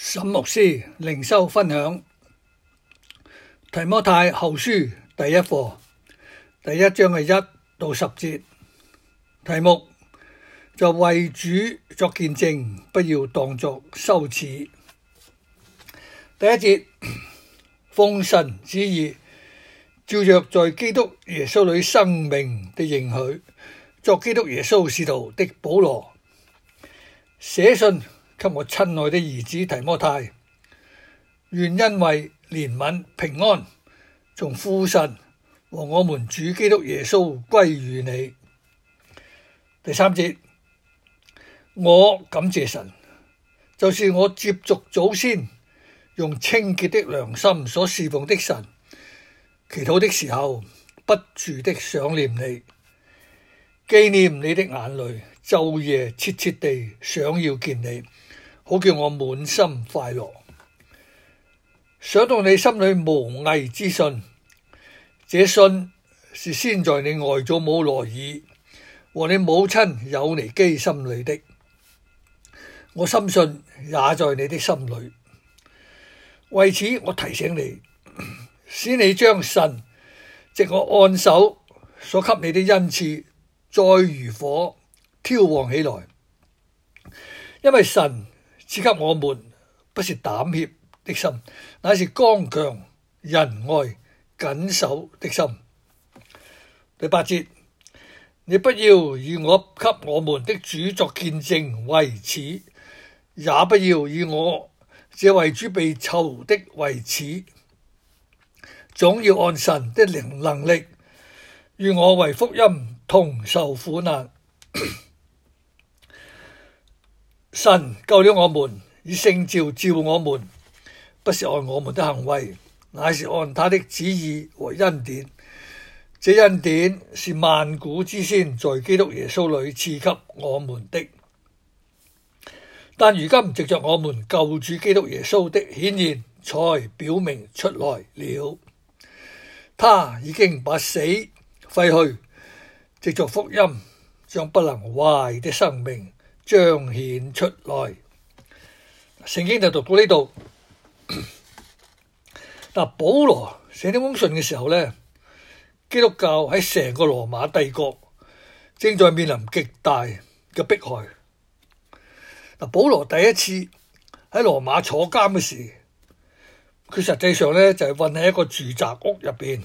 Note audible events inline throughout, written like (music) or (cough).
沈牧師靈修分享《提摩太後書》第一課，第一章係一到十節。題目就為主作見證，不要當作羞恥。第一節，奉神旨意，照着在基督耶穌裏生命的應許，作基督耶穌使徒的保羅寫信。給我親愛的兒子提摩太，願恩惠憐憫平安，從父神和我們主基督耶穌歸於你。第三節，我感謝神，就是我接續祖先用清潔的良心所侍奉的神，祈禱的時候不住的想念你，紀念你的眼淚，晝夜切切地想要見你。好叫我滿心快樂，想到你心裏無偽之信，這信是先在你外祖母羅爾和你母親友尼基心裏的，我深信也在你的心裏。為此，我提醒你，使你將神藉我按手所給你的恩賜再如火挑旺起來，因為神。賜給我們不是膽怯的心，乃是剛強、仁愛、謹守的心。第八節，你不要以我給我們的主作見證為恥，也不要以我這為主被囚的為恥，總要按神的靈能力，與我為福音同受苦難。 (coughs) 神救了我們，以聖召照照我們，不是按我們的行為，乃是按他的旨意和恩典。這恩典是萬古之先，在基督耶穌裏賜給我們的。但如今藉着我們救主基督耶穌的顯現，才表明出來了。他已經把死廢去，藉着福音將不能壞的生命，彰顯出來，聖經就讀到呢度。嗱， (coughs) 保羅寫呢封信嘅時候咧，基督教喺成個羅馬帝國正在面臨極大嘅迫害。嗱，保羅第一次喺羅馬坐監嘅時，佢實際上咧就係困喺一個住宅屋入邊，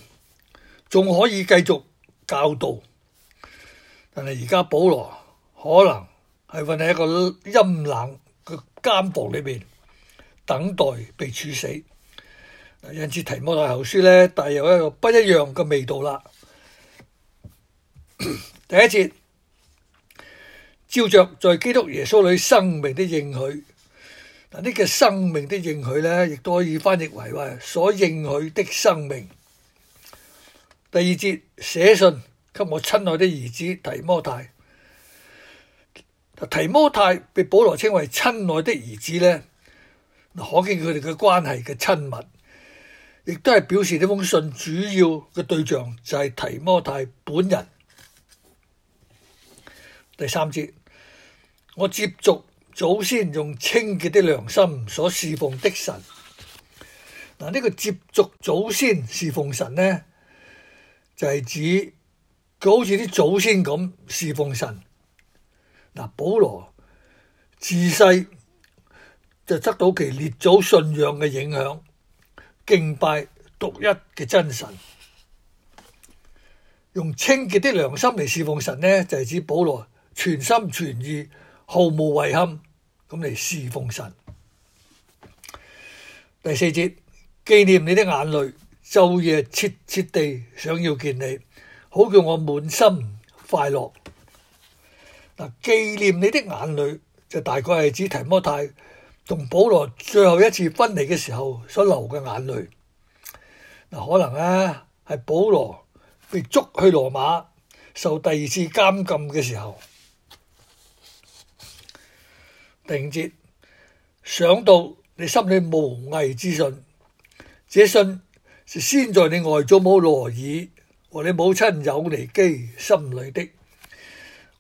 仲可以繼續教導。但係而家保羅可能係困喺一個陰冷嘅監房裏邊，等待被處死，因此提摩太後書呢，帶有一個不一樣嘅味道啦。第一節，照着在基督耶穌裏生命的應許，呢個生命的應許呢，亦都可以翻譯為所應許的生命。第二節，寫信給我親愛的兒子提摩太。提摩太被保羅稱為親愛的兒子呢，可見佢哋嘅關係嘅親密，亦都係表示呢封信主要嘅對象就係提摩太本人。第三節，我接續祖先用清潔的良心所侍奉的神。嗱，呢個接續祖先侍奉神呢，就係指佢好似啲祖先咁侍奉神。嗱，保羅自細就得到其列祖信仰嘅影響，敬拜獨一嘅真神，用清潔的良心嚟侍奉神呢，就係、是、指保羅全心全意、毫無遺憾咁嚟侍奉神。第四節，紀念你的眼淚，晝夜切切地想要見你，好叫我滿心快樂。嗱，紀念你的眼淚就大概係指提摩太同保羅最後一次分離嘅時候所流嘅眼淚。嗱，可能咧，啊、係保羅被捉去羅馬受第二次監禁嘅時候。第五節，想到你心裏無偽之信，這信是先在你外祖母羅爾和你母親友尼基心裏的。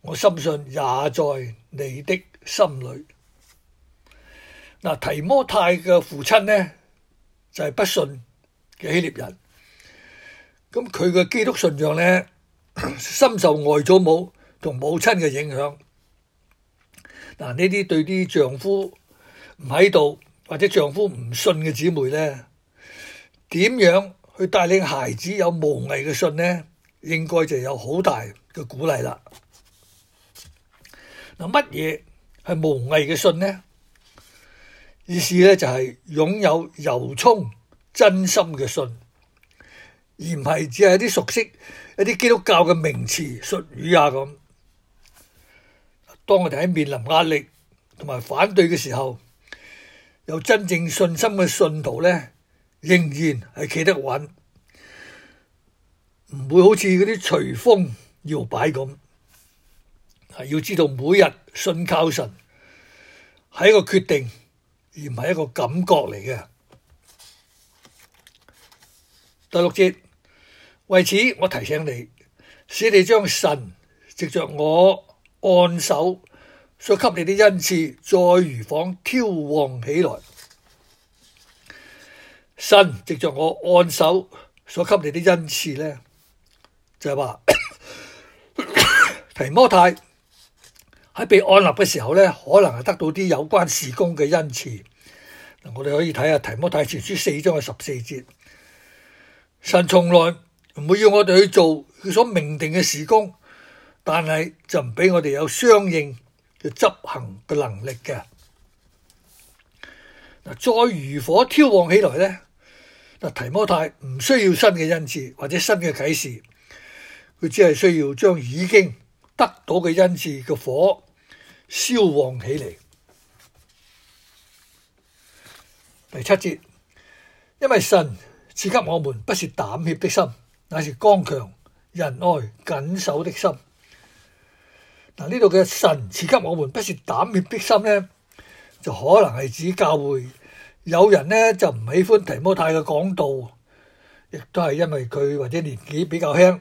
我深信也在你的心裏。嗱，提摩太嘅父親呢就係、是、不信嘅希臘人，咁佢嘅基督信仰呢深受外祖母同母親嘅影響。嗱，呢啲對啲丈夫唔喺度或者丈夫唔信嘅姊妹呢，點樣去帶領孩子有無偽嘅信呢？應該就有好大嘅鼓勵啦。乜嘢係無偽嘅信呢？意思呢就係擁有由衷真心嘅信，而唔係只係啲熟悉一啲基督教嘅名詞術語啊咁。當我哋喺面臨壓力同埋反對嘅時候，有真正信心嘅信徒呢，仍然係企得穩，唔會好似嗰啲隨風搖擺咁。要知道每日信靠神係一個決定，而唔係一個感覺嚟嘅。第六節，為此我提醒你，使你將神藉著我按手所給你的恩賜，再如火挑旺起來。神藉著我按手所給你的恩賜呢就是，就係話提摩太。喺被安立嘅時候呢，可能係得到啲有關事工嘅恩賜。我哋可以睇下《提摩太前書》四章嘅十四節。神從來唔會要我哋去做佢所命定嘅事工，但係就唔俾我哋有相應嘅執行嘅能力嘅。嗱，再如火挑旺起來呢，嗱提摩太唔需要新嘅恩賜或者新嘅啟示，佢只係需要將已經得到嘅恩賜嘅火。消旺起嚟。第七節，因為神賜給我們不是膽怯的心，乃是剛強、仁愛、謹守的心。嗱呢度嘅神賜給我們不是膽怯的心呢，就可能係指教會有人呢，就唔喜歡提摩太嘅講道，亦都係因為佢或者年紀比較輕，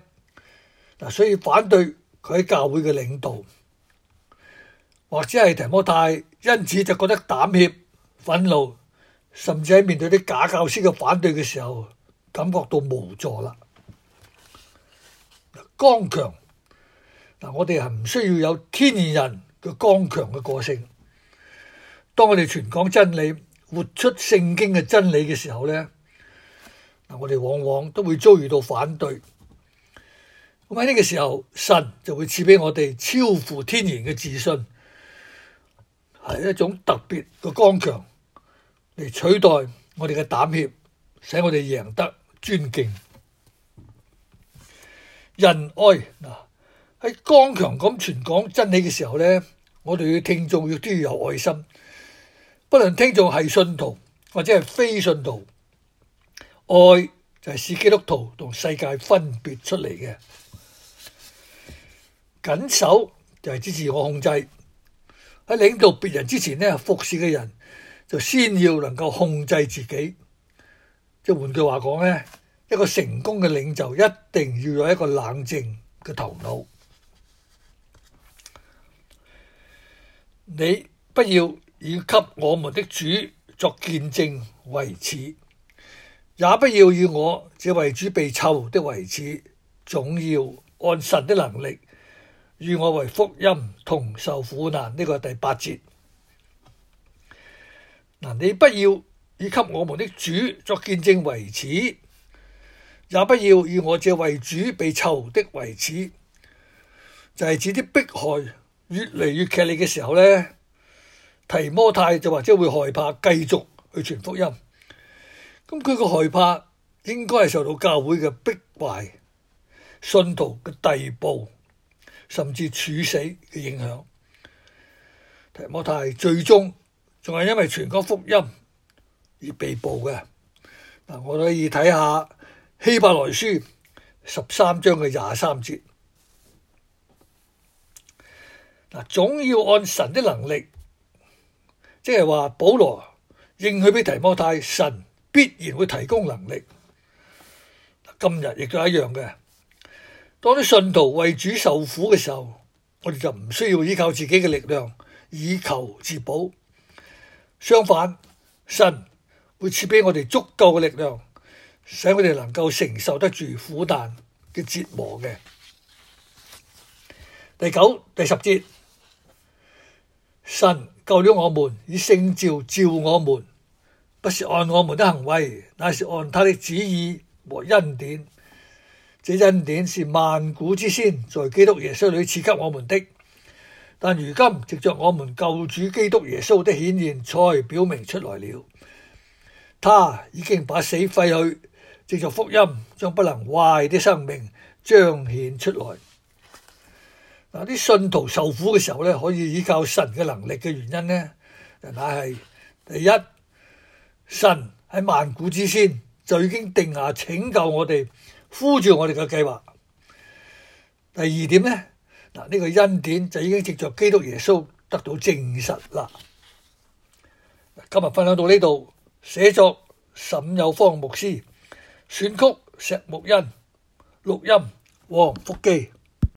嗱所以反對佢喺教會嘅領導。或者係提摩太，因此就覺得膽怯、憤怒，甚至喺面對啲假教師嘅反對嘅時候，感覺到無助啦。剛強，但我哋係唔需要有天然人嘅剛強嘅個性。當我哋傳講真理、活出聖經嘅真理嘅時候咧，嗱，我哋往往都會遭遇到反對。咁喺呢個時候，神就會賜俾我哋超乎天然嘅自信。係一種特別嘅剛強，嚟取代我哋嘅膽怯，使我哋贏得尊敬。仁愛。嗱，喺剛強咁傳講真理嘅時候呢，我哋嘅聽眾要都要有愛心，不論聽眾係信徒或者係非信徒，愛就係使基督徒同世界分別出嚟嘅。緊守就係支持我控制。喺領導別人之前咧，服侍嘅人就先要能夠控制自己。即換句話講咧，一個成功嘅領袖一定要有一個冷靜嘅頭腦。你不要以給我們的主作見證為恥，也不要以我這為主被囚的為恥，總要按神的能力。與我為福音同受苦難，呢個係第八節。嗱，你不要以給我們的主作見證為恥，也不要以我這為主被囚的為恥。就係、是、指啲迫害越嚟越劇烈嘅時候呢，提摩太就或者會害怕繼續去傳福音。咁佢個害怕應該係受到教會嘅迫害、信徒嘅逮捕。甚至處死嘅影響，提摩太最終仲係因為傳講福音而被捕嘅。嗱，我可以睇下希伯來書十三章嘅廿三節。嗱，總要按神的能力，即係話保羅應許俾提摩太，神必然會提供能力。今日亦都一樣嘅。當啲信徒為主受苦嘅時候，我哋就唔需要依靠自己嘅力量以求自保。相反，神會賜畀我哋足夠嘅力量，使我哋能夠承受得住苦難嘅折磨嘅。第九、第十節，神救了我們，以聖召召我們，不是按我們的行為，乃是按他的旨意和恩典。這恩典是萬古之先，在基督耶穌裏賜給我們的，但如今藉着我們救主基督耶穌的顯現，才表明出來了。他已經把死廢去，藉着福音將不能壞的生命彰顯出來。嗱，啲信徒受苦嘅時候咧，可以依靠神嘅能力嘅原因呢，就係第一，神喺萬古之先就已經定下拯救我哋。呼住我哋嘅計劃。第二點呢，嗱、這、呢個恩典就已經藉着基督耶穌得到證實啦。今日分享到呢度。寫作沈有方牧師，選曲石木恩，錄音黃福記。